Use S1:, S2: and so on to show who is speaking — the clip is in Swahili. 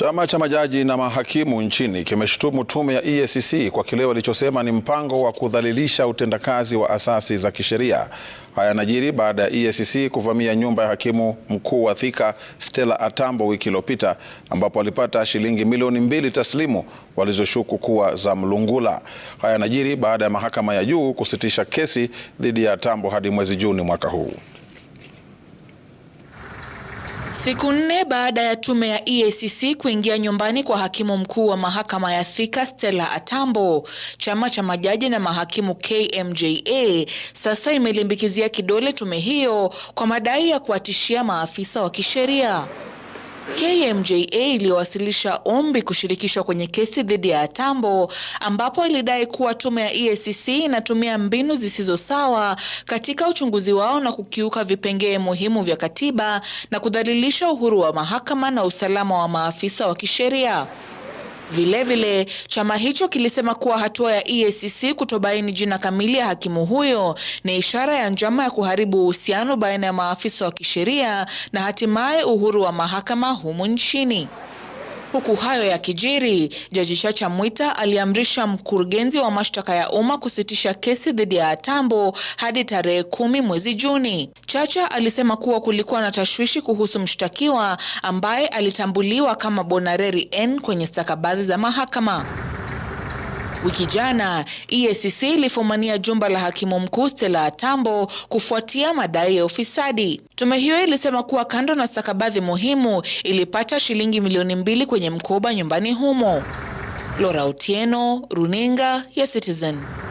S1: Chama cha majaji na mahakimu nchini kimeshutumu tume ya EACC kwa kile walichosema ni mpango wa kudhalilisha utendakazi wa asasi za kisheria. Haya yanajiri baada ya EACC kuvamia nyumba ya hakimu mkuu wa Thika Stella Atambo wiki iliyopita, ambapo alipata shilingi milioni mbili taslimu walizoshuku kuwa za mlungula. Haya yanajiri baada ya mahakama ya juu kusitisha kesi dhidi ya Atambo hadi mwezi Juni mwaka huu.
S2: Siku nne baada ya tume ya EACC kuingia nyumbani kwa hakimu mkuu wa mahakama ya Thika Stella Atambo, chama cha majaji na mahakimu KMJA sasa imelimbikizia kidole tume hiyo kwa madai ya kuwatishia maafisa wa kisheria. KMJA iliyowasilisha ombi kushirikishwa kwenye kesi dhidi ya Atambo ambapo ilidai kuwa tume ya EACC inatumia mbinu zisizo sawa katika uchunguzi wao na kukiuka vipengee muhimu vya katiba na kudhalilisha uhuru wa mahakama na usalama wa maafisa wa kisheria. Vilevile vile, chama hicho kilisema kuwa hatua ya EACC kutobaini jina kamili ya hakimu huyo ni ishara ya njama ya kuharibu uhusiano baina ya maafisa wa kisheria na hatimaye uhuru wa mahakama humu nchini. Huku hayo ya kijiri, Jaji Chacha Mwita aliamrisha mkurugenzi wa mashtaka ya umma kusitisha kesi dhidi ya Atambo hadi tarehe kumi mwezi Juni. Chacha alisema kuwa kulikuwa na tashwishi kuhusu mshtakiwa ambaye alitambuliwa kama Bonareri N kwenye stakabadhi za mahakama. Wiki jana EACC ilifumania jumba la hakimu mkuu Stella Tambo kufuatia madai ya ufisadi. Tume hiyo ilisema kuwa kando na stakabadhi muhimu, ilipata shilingi milioni mbili kwenye mkoba nyumbani humo. Laura Otieno, runinga ya Citizen.